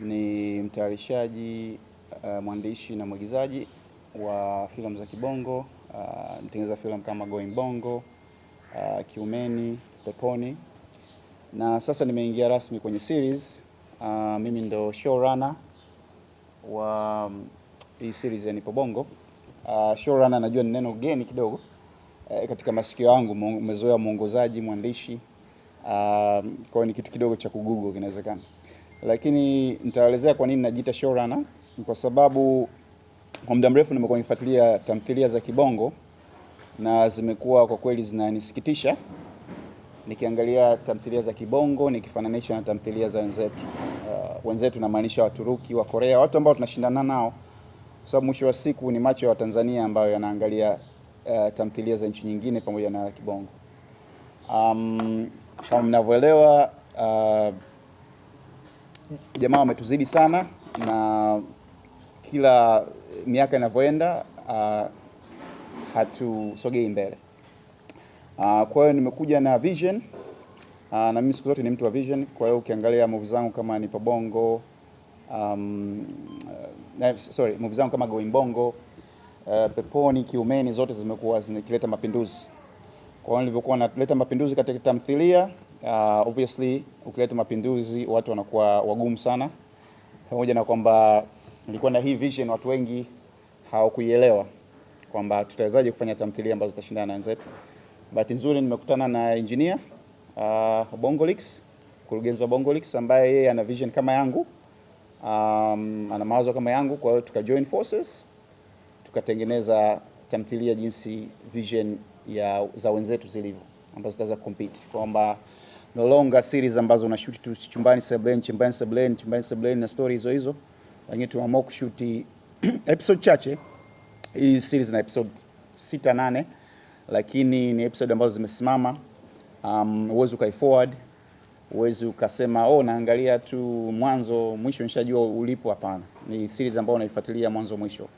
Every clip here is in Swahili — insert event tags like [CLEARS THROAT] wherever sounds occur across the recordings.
Ni mtayarishaji uh, mwandishi na mwigizaji wa filamu za kibongo uh, mtengeneza filamu kama Going Bongo uh, Kiumeni, Peponi na sasa nimeingia rasmi kwenye series uh, mimi ndo showrunner wa um, hii series ya Nipo Bongo. Uh, showrunner najua ni neno geni kidogo uh, katika masikio yangu, umezoea mwongozaji, mwandishi uh, kwa hiyo ni kitu kidogo cha kugoogle kinawezekana lakini nitaelezea kwa nini najiita showrunner. Kwa sababu kwa muda mrefu nimekuwa nifuatilia tamthilia za Kibongo na zimekuwa kwa kweli zinanisikitisha, nikiangalia tamthilia za Kibongo nikifananisha na tamthilia za wenzetu. Uh, wenzetu namaanisha Waturuki wa Korea, watu ambao tunashindana nao, kwa sababu mwisho wa siku ni macho ya Watanzania ambayo yanaangalia uh, tamthilia za nchi nyingine pamoja na Kibongo. Um, kama mnavyoelewa uh, jamaa wametuzidi sana, na kila miaka inavyoenda uh, hatusogei mbele uh, kwa hiyo nimekuja na vision uh, na mimi siku zote ni mtu wa vision. Kwa hiyo ukiangalia movie zangu kama ni Pabongo um, uh, sorry, movie zangu kama Goimbongo uh, eh, Peponi, Kiumeni zote zimekuwa zikileta mapinduzi. Kwa hiyo nilivyokuwa naleta mapinduzi katika tamthilia Uh, obviously ukileta mapinduzi watu wanakuwa wagumu sana, pamoja na kwamba nilikuwa na hii vision, watu wengi hawakuielewa kwamba tutawezaje kufanya tamthilia ambazo zitashindana na wenzetu. Bahati nzuri nimekutana na engineer uh, Bongolix, mkurugenzi wa Bongolix ambaye yeye ana vision kama yangu, um, ana mawazo kama yangu, kwa hiyo tuka join forces tukatengeneza tamthilia jinsi vision ya za wenzetu zilivyo ambazo zitaweza compete kwamba no longer series ambazo unashoot tu chumbani sebleni, chumbani sebleni, chumbani sebleni na story hizo hizo, lakini tumeamua kushuti [CLEARS THROAT] episode chache. Hii series na episode sita nane, lakini ni episode ambazo zimesimama. Um, uwezi ukai forward, uwezi ukasema oh, naangalia tu mwanzo mwisho nishajua ulipo. Hapana, ni series ambayo unaifuatilia mwanzo mwisho.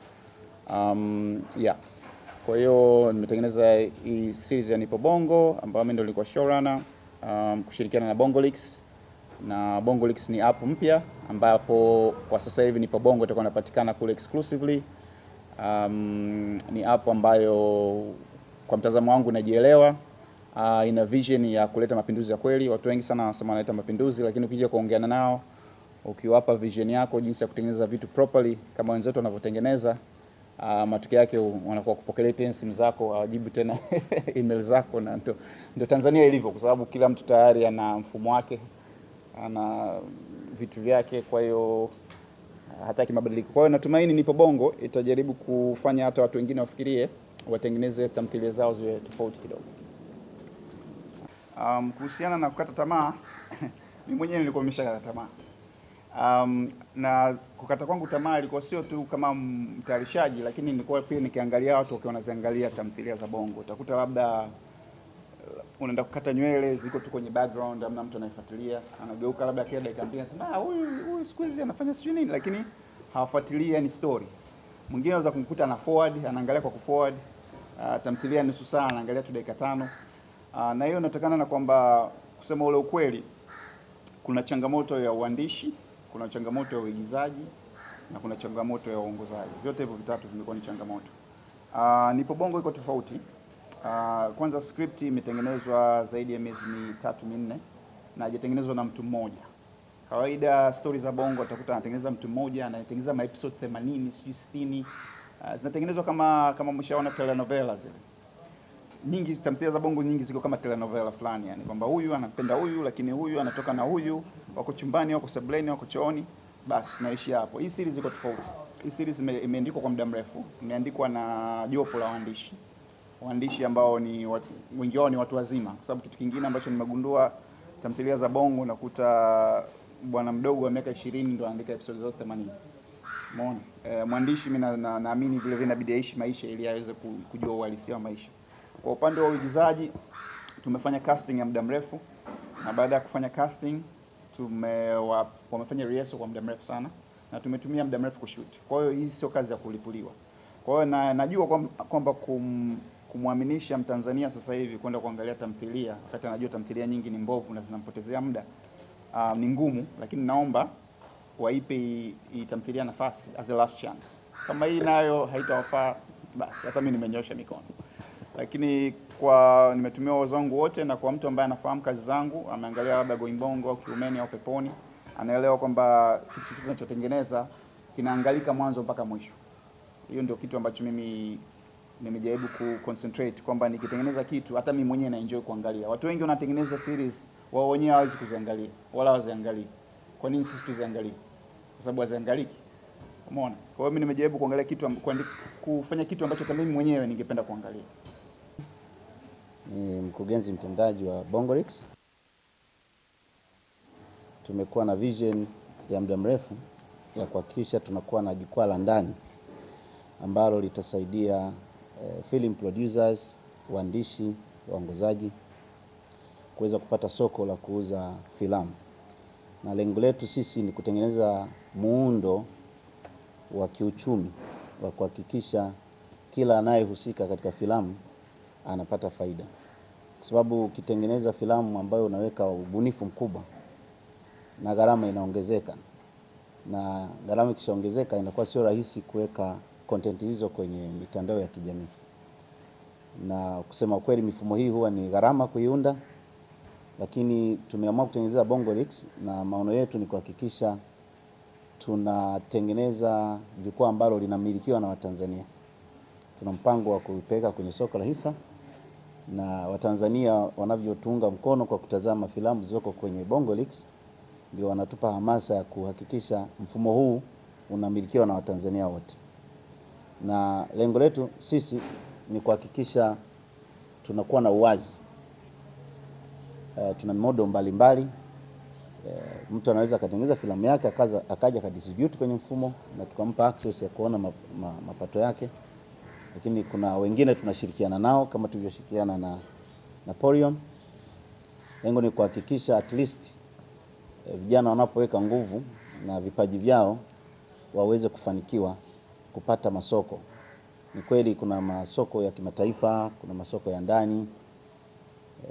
Um, yeah. Kwa hiyo nimetengeneza hii series ya Nipo Bongo ambayo mimi ndio nilikuwa showrunner um, kushirikiana na Bongolix na Bongolix ni app mpya ambapo kwa sasa hivi nipo Bongo itakuwa inapatikana kule exclusively. Um, ni app ambayo kwa mtazamo wangu najielewa, uh, ina vision ya kuleta mapinduzi ya kweli. Watu wengi sana wanasema wanaleta mapinduzi, lakini ukija kuongeana nao ukiwapa vision yako jinsi ya kutengeneza vitu properly kama wenzetu wanavyotengeneza Uh, matokeo yake wanakuwa kupokelea tena simu zako, hawajibu tena [LAUGHS] email zako, na ndo, ndo Tanzania ilivyo, kwa sababu kila mtu tayari ana mfumo wake, ana vitu vyake, kwa hiyo ah, hataki mabadiliko. Kwa hiyo natumaini nipo Bongo itajaribu kufanya hata watu wengine wafikirie, watengeneze tamthilia zao ziwe tofauti kidogo. Um, kuhusiana na kukata tamaa [LAUGHS] mimi mwenyewe nilikuwa nimeshakata tamaa Um, na kukata kwangu tamaa ilikuwa sio tu kama mtayarishaji, lakini nilikuwa pia nikiangalia watu wakiwa wanaziangalia tamthilia za Bongo. Utakuta labda uh, unaenda kukata nywele ziko tu kwenye background, amna mtu anayefuatilia, anageuka labda kila dakika mbili anasema ah, huyu huyu siku hizi anafanya sijui nini, lakini hawafuatilii yani story. Mwingine anaweza kumkuta ana forward, anaangalia kwa kuforward uh, tamthilia nusu saa, anaangalia tu dakika tano uh, na hiyo inatokana na kwamba kusema ule ukweli, kuna changamoto ya uandishi kuna changamoto ya uigizaji na kuna changamoto ya uongozaji. Vyote hivyo vitatu vimekuwa ni changamoto. Uh, nipo Bongo iko tofauti. Uh, kwanza script imetengenezwa zaidi ya miezi mitatu minne na haijatengenezwa na mtu mmoja. Kawaida stori za Bongo utakuta anatengeneza mtu mmoja, anatengeneza ma episode 80, sijui 60. Uh, ah, zinatengenezwa kama kama mshaona telenovela zile. Nyingi tamthilia za Bongo nyingi ziko kama telenovela fulani, yani kwamba huyu anapenda huyu lakini huyu anatoka na huyu wako chumbani, wako sebuleni, wako chooni, basi tunaishia hapo. Hii series iko tofauti. Hii series imeandikwa kwa muda mrefu, imeandikwa na jopo la waandishi waandishi ambao ni wengi wao ni watu wazima, kwa sababu kitu kingine ambacho nimegundua tamthilia za Bongo nakuta bwana mdogo wa miaka 20 ndo anaandika episode zote 80. Umeona? E, mwandishi mimi naamini na, vile vile inabidi aishi maisha ili aweze kujua uhalisia wa maisha. Kwa upande wa uigizaji tumefanya casting ya muda mrefu na baada ya kufanya casting tumewa, wamefanya rehearsal kwa muda mrefu sana na tumetumia muda mrefu kushoot. Kwa hiyo hizi sio kazi ya kulipuliwa. Kwa hiyo na, najua kwamba kum, kumwaminisha Mtanzania sasa hivi kwenda kuangalia tamthilia wakati anajua tamthilia nyingi ni mbovu na zinampotezea muda uh, ni ngumu, lakini naomba waipe hii tamthilia nafasi as a last chance. Kama hii nayo haitawafaa, basi hata mimi nimenyosha mikono lakini kwa nimetumia uwezo wangu wote, na kwa mtu ambaye anafahamu kazi zangu, ameangalia labda Goimbongo au Kiumeni au Peponi, anaelewa kwamba kitu chochote tunachotengeneza kinaangalika mwanzo mpaka mwisho. Hiyo ndio kitu ambacho mimi nimejaribu ku concentrate kwamba nikitengeneza kitu hata mimi mwenyewe na enjoy kuangalia. Watu wengi wanatengeneza series wao wenyewe hawezi kuziangalia wala waziangalie. Kwa nini sisi tuziangalie? Kwa sababu haziangaliki. Umeona? Kwa hiyo mimi nimejaribu kuangalia kitu kuandika, kufanya kitu ambacho hata mimi mwenyewe ningependa kuangalia ni mkurugenzi mtendaji wa Bongorix. Tumekuwa na vision ya muda mrefu ya kuhakikisha tunakuwa na jukwaa la ndani ambalo litasaidia eh, film producers, waandishi, waongozaji kuweza kupata soko la kuuza filamu, na lengo letu sisi ni kutengeneza muundo wa kiuchumi wa kuhakikisha kila anayehusika katika filamu anapata faida kwa sababu ukitengeneza filamu ambayo unaweka ubunifu mkubwa na gharama inaongezeka, na gharama ikishaongezeka inakuwa sio rahisi kuweka content hizo kwenye mitandao ya kijamii. Na kusema kweli, mifumo hii huwa ni gharama kuiunda, lakini tumeamua kutengeneza Bongolix na maono yetu ni kuhakikisha tunatengeneza jukwaa ambalo linamilikiwa na Watanzania. Tuna mpango wa kuipeleka kwenye soko la hisa na Watanzania wanavyotuunga mkono kwa kutazama filamu zilizoko kwenye Bongolix, ndio wanatupa hamasa ya kuhakikisha mfumo huu unamilikiwa na Watanzania wote, na lengo letu sisi ni kuhakikisha tunakuwa na uwazi. E, tuna modo mbalimbali e, mtu anaweza akatengeneza filamu yake akaja akadistribute kwenye mfumo na tukampa access ya kuona mapato yake lakini kuna wengine tunashirikiana nao kama tulivyoshirikiana na, Napoleon. Lengo ni kuhakikisha at least eh, vijana wanapoweka nguvu na vipaji vyao waweze kufanikiwa kupata masoko. Ni kweli kuna masoko ya kimataifa, kuna masoko ya ndani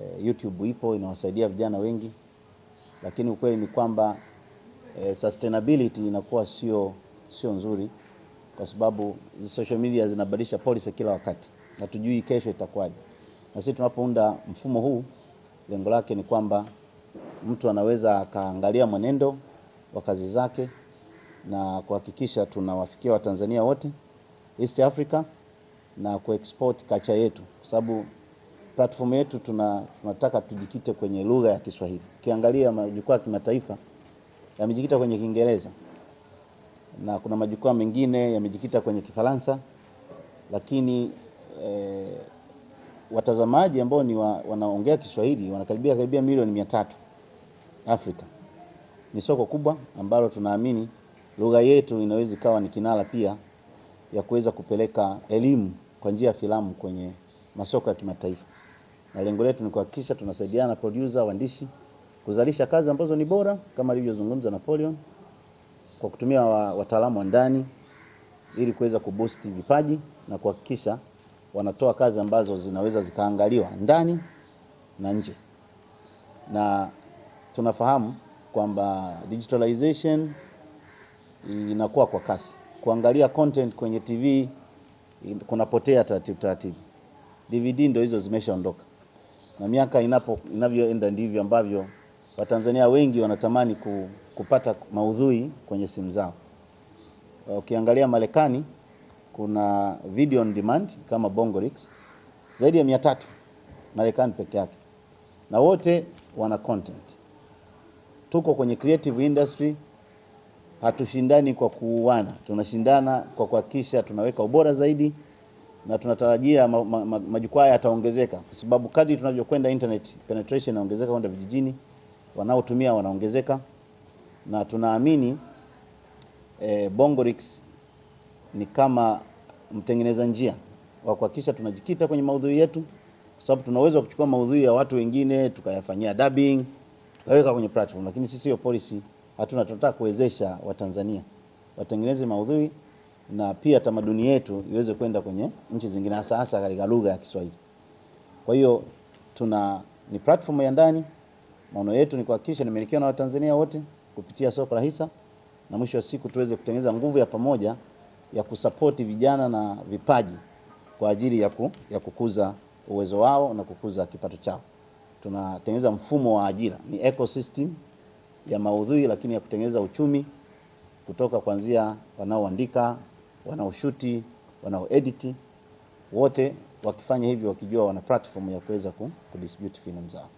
eh, YouTube ipo inawasaidia vijana wengi, lakini ukweli ni kwamba eh, sustainability inakuwa sio sio nzuri kwa sababu social media zinabadilisha policy kila wakati, hatujui kesho itakuwaje. Na sisi tunapounda mfumo huu, lengo lake ni kwamba mtu anaweza akaangalia mwenendo wa kazi zake na kuhakikisha tunawafikia Watanzania wote East Africa na kuexport kacha yetu, kwa sababu platform yetu tuna, tunataka tujikite kwenye lugha ya Kiswahili. Ukiangalia majukwaa ya kimataifa yamejikita kwenye Kiingereza na kuna majukwaa mengine yamejikita kwenye Kifaransa, lakini e, watazamaji ambao ni wa, wanaongea Kiswahili wanakaribia karibia milioni mia tatu Afrika. Ni soko kubwa ambalo tunaamini lugha yetu inaweza ikawa ni kinara pia ya kuweza kupeleka elimu kwa njia ya filamu kwenye masoko ya kimataifa, na lengo letu ni kuhakikisha tunasaidiana producer, waandishi kuzalisha kazi ambazo ni bora kama alivyozungumza Napoleon kwa kutumia wataalamu wa ndani ili kuweza kuboost vipaji na kuhakikisha wanatoa kazi ambazo zinaweza zikaangaliwa ndani na nje, na tunafahamu kwamba digitalization inakuwa kwa kasi. Kuangalia content kwenye TV kunapotea taratibu taratibu. DVD ndo hizo zimeshaondoka, na miaka inapo inavyoenda ndivyo ambavyo Watanzania wengi wanatamani kupata maudhui kwenye simu zao. Ukiangalia Marekani kuna video on demand kama Bongorix zaidi ya mia tatu Marekani peke yake, na wote wana content. Tuko kwenye creative industry, hatushindani kwa kuuana, tunashindana kwa kuhakikisha tunaweka ubora zaidi, na tunatarajia ma ma ma majukwaa yataongezeka, kwa sababu kadri tunavyokwenda internet penetration inaongezeka kwenda vijijini wanaotumia wanaongezeka, na tunaamini e, Bongorix ni kama mtengeneza njia wa kuhakikisha tunajikita kwenye maudhui yetu, kwa sababu tunaweza kuchukua maudhui ya watu wengine tukayafanyia dubbing tukaweka kwenye platform, lakini sisi hiyo policy hatuna. Tunataka kuwezesha Watanzania watengeneze maudhui na pia tamaduni yetu iweze kwenda kwenye nchi zingine, hasa hasa katika lugha ya Kiswahili. Kwa hiyo tuna ni platform ya ndani Maono yetu ni kuhakikisha nimilikiwa na Watanzania wote kupitia soko la hisa na mwisho wa siku tuweze kutengeneza nguvu ya pamoja ya kusapoti vijana na vipaji kwa ajili ya, ku, ya kukuza uwezo wao na kukuza kipato chao. Tunatengeneza mfumo wa ajira, ni ecosystem ya maudhui, lakini ya kutengeneza uchumi kutoka kuanzia wanaoandika, wanaoshuti, wanaoedit, wote wakifanya hivyo wakijua wana platform ya kuweza kudistribute filamu zao.